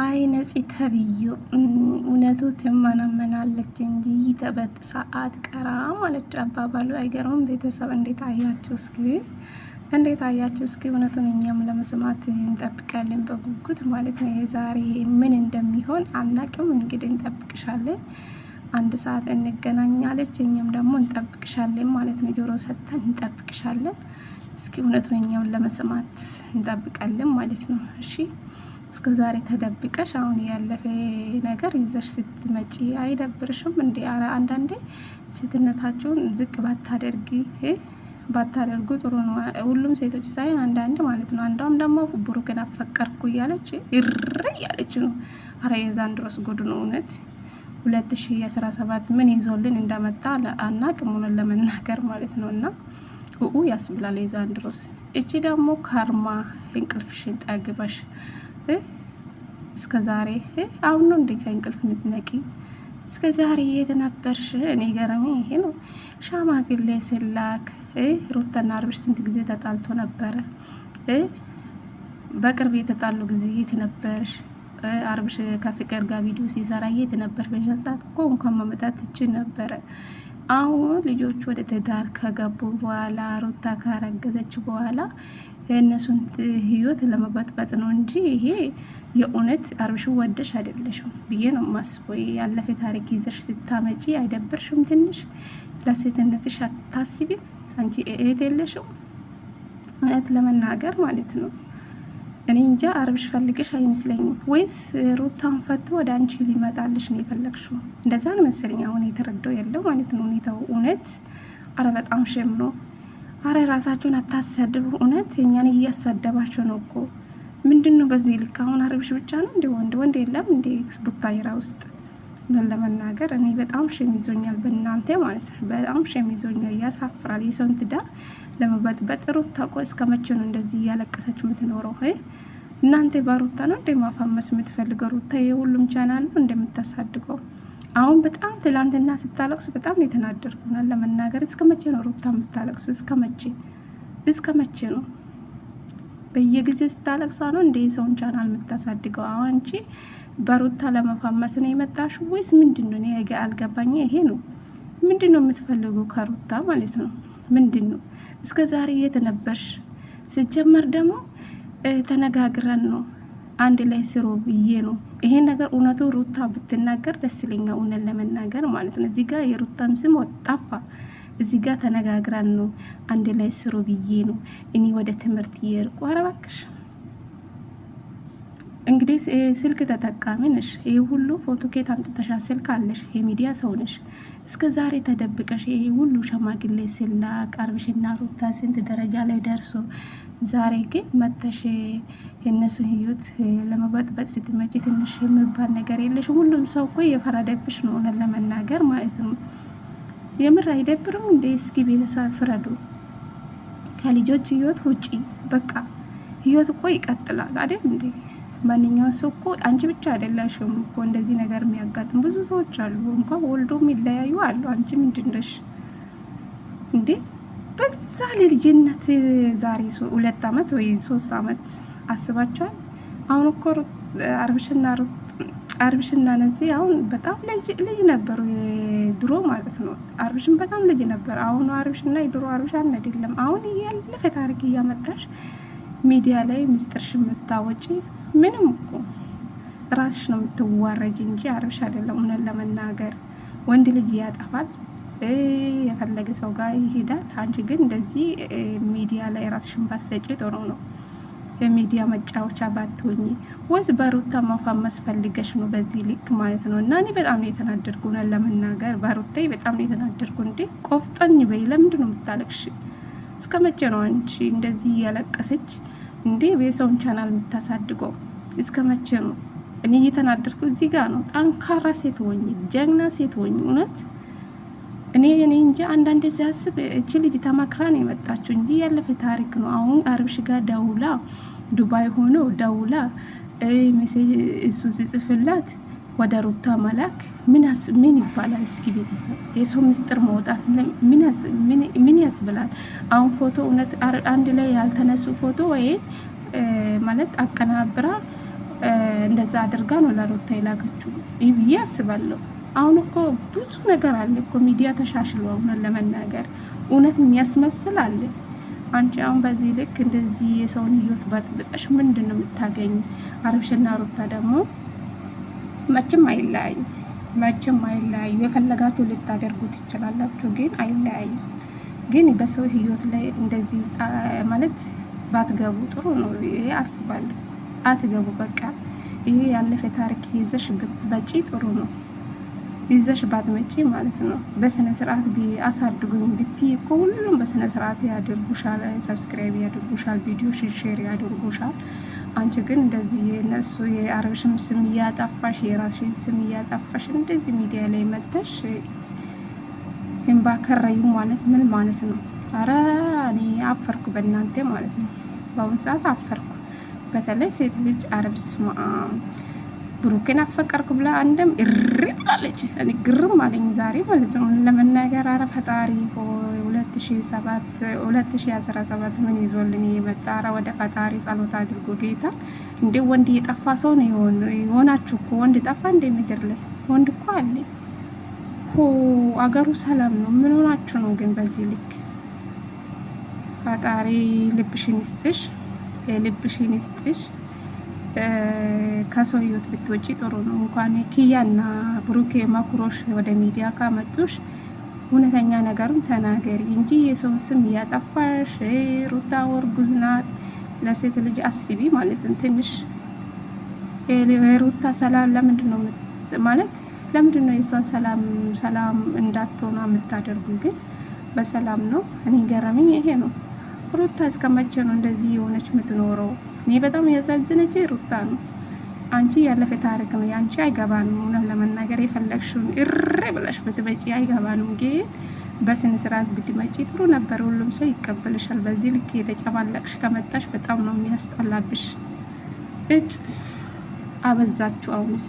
አይ ነፂ ተብዩ እውነቱ ትመነመናለች እንጂ ተበጥ ሰዓት ቀራ ማለት አባባሉ አይገርምም? ቤተሰብ እንዴት አያችሁ እስኪ እንዴት አያችሁ እስኪ? እውነቱን እኛም ለመስማት እንጠብቃለን በጉጉት ማለት ነው። የዛሬ ምን እንደሚሆን አናቅም። እንግዲህ እንጠብቅሻለን። አንድ ሰዓት እንገናኛለች። እኛም ደግሞ እንጠብቅሻለን ማለት ነው። ጆሮ ሰጥተን እንጠብቅሻለን። እስኪ እውነቱን እኛም ለመስማት እንጠብቃለን ማለት ነው። እሺ እስከ ዛሬ ተደብቀሽ አሁን ያለፈ ነገር ይዘሽ ስትመጪ አይደብርሽም እንዲ አንዳንዴ ሴትነታችሁን ዝቅ ባታደርጊ ባታደርጉ ጥሩ ነው። ሁሉም ሴቶች ሳይሆን አንዳንድ ማለት ነው። አንዷም ደግሞ ብሩክን አፈቀርኩ እያለች እረ እያለች ነው። አረ የዛንድሮስ ጉድ ነው እውነት። ሁለት ሺ አስራ ሰባት ምን ይዞልን እንደመጣ አናቅም ሆነን ለመናገር ማለት ነው እና ኡኡ ያስብላል የዛንድሮስ። እቺ ደግሞ ካርማ እንቅልፍሽን ጠግበሽ እስከ ዛሬ አሁን ነው እንደ ከእንቅልፍ የምትነቂ? እስከ ዛሬ የት ነበርሽ? እኔ ገረሚ ይሄ ነው። ሻማግሌ ስላክ ሩታና አብርሽ ስንት ጊዜ ተጣልቶ ነበረ? በቅርብ የተጣሉ ጊዜ የት ነበርሽ? አብርሽ ከፍቅር ጋር ቪዲዮ ሲሰራ የት ነበር? በዛ ሰዓት እኮ እንኳን መመጣት ትችል ነበረ። አሁን ልጆቹ ወደ ትዳር ከገቡ በኋላ ሩታ ካረገዘች በኋላ የእነሱን ህይወት ለመበጥበጥ ነው እንጂ ይሄ የእውነት አብርሽ ወደሽ አይደለሽም ብዬ ነው ማስቦ ያለፈ ታሪክ ይዘሽ ስታመጪ አይደብርሽም? ትንሽ ለሴትነትሽ አታስቢም? አንቺ እህት የለሽም? እውነት ለመናገር ማለት ነው። እኔ እንጃ አርብሽ ፈልግሽ አይመስለኝም። ወይስ ሩታን ፈቶ ወደ አንቺ ሊመጣልሽ ነው የፈለግሽው? እንደዛ ነው መሰለኝ አሁን የተረዳው ያለው ማለት ነው ሁኔታው። እውነት አረ በጣም ሸም ነው። አረ ራሳችሁን አታሰድቡ። እውነት እኛን እያሳደባቸው ነው እኮ ምንድን ነው በዚህ ልክ አሁን አርብሽ ብቻ ነው እንደ ወንድ ወንድ የለም እንደ ቡታየራ ውስጥ እውነት ለመናገር እኔ በጣም ይዞኛል፣ በእናንተ ማለት ነው። በጣም ይዞኛል፣ ያሳፍራል። የሰውን ትዳር ለመበጥበጥ በጥሩ ታቆ እስከ መቼ ነው እንደዚህ እያለቀሰች የምትኖረው? እናንተ በሩታ ነው እንደ ማፋመስ የምትፈልገው? ሩታ የሁሉም ቻናሉ እንደምታሳድገው አሁን በጣም ትላንትና ስታለቅሱ በጣም የተናደርኩናል ለመናገር። እስከ መቼ ነው ሩታ የምታለቅሱ? እስከ መቼ እስከ መቼ ነው በየጊዜ ስታለቅሷ ነው እንደ ሰውን ቻናል የምታሳድገው? አሁን አንቺ በሩታ ለመፋመስ ነው የመጣሽ ወይስ ምንድን ነው? እኔ አልገባኝ። ይሄ ነው ምንድን ነው የምትፈልጉ ከሩታ ማለት ነው? ምንድን ነው እስከ ዛሬ የት ነበርሽ? ስጀመር ደግሞ ተነጋግረን ነው አንድ ላይ ስሮ ብዬ ነው ይሄን ነገር እውነቱ ሩታ ብትናገር ደስ ይለኛል፣ እውነት ለመናገር ማለት ነው። እዚህ ጋር የሩታም ስም ወጣፋ እዚህ ጋር ተነጋግራን ነው አንድ ላይ ስሮ ብዬ ነው እኔ ወደ ትምህርት እየርቁ አረባክሽ እንግዲህ ስልክ ተጠቃሚ ነሽ። ይህ ሁሉ ፎቶ ኬት አምጥተሻ? ስልክ አለሽ? የሚዲያ ሰው ነሽ። እስከ ዛሬ ተደብቀሽ ይህ ሁሉ ሸማግሌ ሲላክ አብርሽና ሩታ ስንት ደረጃ ላይ ደርሶ ዛሬ ግን መተሽ የእነሱ ህይወት ለመበጥበጥ ስትመጪ ትንሽ የሚባል ነገር የለሽ። ሁሉም ሰው እኮ የፈረደብሽ ነው ለመናገር ማለት ነው። የምር አይደብርም እንዴ? እስኪ ቤተሰብ ፍረዱ። ከልጆች ህይወት ውጪ በቃ ህይወት እኮ ይቀጥላል አይደል እንዴ? ማንኛውም ሰው እኮ አንቺ ብቻ አይደለሽም እኮ እንደዚህ ነገር የሚያጋጥም ብዙ ሰዎች አሉ። እንኳን ወልዶ የሚለያዩ አሉ። አንቺ ምንድን ነሽ እንዴ? በዛ ልጅነት ዛሬ ሁለት አመት ወይ ሶስት አመት አስባቸዋል። አሁን እኮ አርብሽና አርብሽና ነዚ አሁን በጣም ልጅ ነበሩ፣ ድሮ ማለት ነው። አርብሽን በጣም ልጅ ነበር። አሁኑ አርብሽና የድሮ አርብሽ አን አይደለም። አሁን ያለፈ ታሪክ እያመጣሽ ሚዲያ ላይ ምስጢርሽ የምታወጪ ምንም እኮ ራስሽ ነው የምትዋረጅ እንጂ አብርሽ አይደለም። እውነት ለመናገር ወንድ ልጅ ያጠፋል፣ የፈለገ ሰው ጋር ይሄዳል። አንቺ ግን እንደዚህ ሚዲያ ላይ ራስሽን ባሰጪ ጥሩ ነው። የሚዲያ መጫወቻ ባትሆኝ ወይስ በሩታ ማፋመስ ፈልገሽ ነው በዚህ ልክ ማለት ነው። እና እኔ በጣም ነው የተናደድኩ ነን ለመናገር በሩታ በጣም ነው የተናደድኩ። እንዴ ቆፍጠኝ በይ። ለምንድን ነው የምታለቅሽ? እስከ መቼ ነው አንቺ እንደዚህ እያለቀሰች እንዴ የሰውን ቻናል የምታሳድገው እስከ መቼ ነው? እኔ እየተናደርኩ እዚህ ጋር ነው። ጠንካራ ሴት ሆኝ፣ ጀግና ሴት ሆኝ። እውነት እኔ እኔ እንጂ አንዳንድ ዚ ሲያስብ እቺ ልጅ ተመክራ ነው የመጣችው እንጂ ያለፈ ታሪክ ነው። አሁን አርብሽ ጋር ደውላ ዱባይ ሆኖ ደውላ ሜሴጅ እሱ ሲጽፍላት ወደ ሩታ መላክ ምን ይባላል? እስኪ ቤተሰብ የሰው ምስጢር መውጣት ምን ያስብላል? አሁን ፎቶ እውነት አንድ ላይ ያልተነሱ ፎቶ ወይ ማለት አቀናብራ እንደዛ አድርጋ ነው ለሩታ የላከችው ብዬ አስባለሁ። አሁን እኮ ብዙ ነገር አለ እኮ ሚዲያ ተሻሽሎ እውነት ለመናገር እውነት የሚያስመስል አለ። አንቺ አሁን በዚህ ልክ እንደዚህ የሰውን ህይወት በጥብጠሽ ምንድን ነው የምታገኝ? አብርሽና ሩታ ደግሞ መቼም አይለያዩ፣ መቼም አይለያዩ። የፈለጋችሁ ልታደርጉ ትችላላችሁ፣ ግን አይለያዩ። ግን በሰው ህይወት ላይ እንደዚህ ማለት ባትገቡ ጥሩ ነው ይሄ አስባለሁ። አትገቡ በቃ ይሄ ያለፈ ታሪክ ይዘሽ በጪ ጥሩ ነው። ይዘሽ ባትመጪ ማለት ነው። በስነ ስርዓት አሳድጉኝ ብቲ እኮ ሁሉም በስነ ስርዓት ያደርጉሻል፣ ሰብስክራይብ ያደርጉሻል፣ ቪዲዮ ሼር ያደርጉሻል። አንቺ ግን እንደዚህ የነሱ የአረብሽም ስም እያጠፋሽ የራስሽን ስም እያጠፋሽ እንደዚህ ሚዲያ ላይ መጥተሽ እንባ ማለት ምን ማለት ነው? አረ እኔ አፈርኩ በእናንተ ማለት ነው። በአሁኑ ሰዓት አፈርኩ። በተለይ ሴት ልጅ አረብ ስማ ብሩኬን አፈቀርኩ ብላ አንድም እሪ ብላለች። እኔ ግርም አለኝ ዛሬ ማለት ነው ለመናገር። አረ ፈጣሪ ሆይ 2017 ምን ይዞልን የመጣ አረ ወደ ፈጣሪ ጸሎት አድርጎ ጌታ እንደ ወንድ የጠፋ ሰው ነው የሆናችሁ እኮ ወንድ ጠፋ እንደ ምድር ላይ ወንድ እኮ አለ ሆ አገሩ ሰላም ነው። ምን ሆናችሁ ነው ግን በዚህ ልክ? ፈጣሪ ልብሽን ይስጥሽ፣ ልብሽን ይስጥሽ። ከሰው ህይወት ብትወጪ ጥሩ ነው። እንኳን ኪያና ብሩኬ መኩሮሽ ወደ ሚዲያ ካመጡሽ እውነተኛ ነገሩን ተናገሪ እንጂ የሰውን ስም እያጠፋሽ ሩታ እርጉዝ ናት፣ ለሴት ልጅ አስቢ ማለት ትንሽ ሩታ ሰላም ለምንድን ነው ማለት ለምንድን ነው የእሷን ሰላም ሰላም እንዳትሆኗ የምታደርጉ? ግን በሰላም ነው። እኔ ገረመኝ ይሄ ነው። ሩታ እስከ መቼ ነው እንደዚህ የሆነች የምትኖረው? እኔ በጣም ያሳዘነች ሩታ ነው። አንቺ ያለፈ ታሪክ ነው። የአንቺ አይገባንም። እውነት ለመናገር የፈለግሽውን እር ብለሽ ብትመጪ አይገባንም። ግን በስነ ስርዓት ብትመጪ ጥሩ ነበር። ሁሉም ሰው ይቀበልሻል። በዚህ ልክ የተጨማለቅሽ ከመጣሽ በጣም ነው የሚያስጠላብሽ። እጭ አበዛችሁ አሁንስ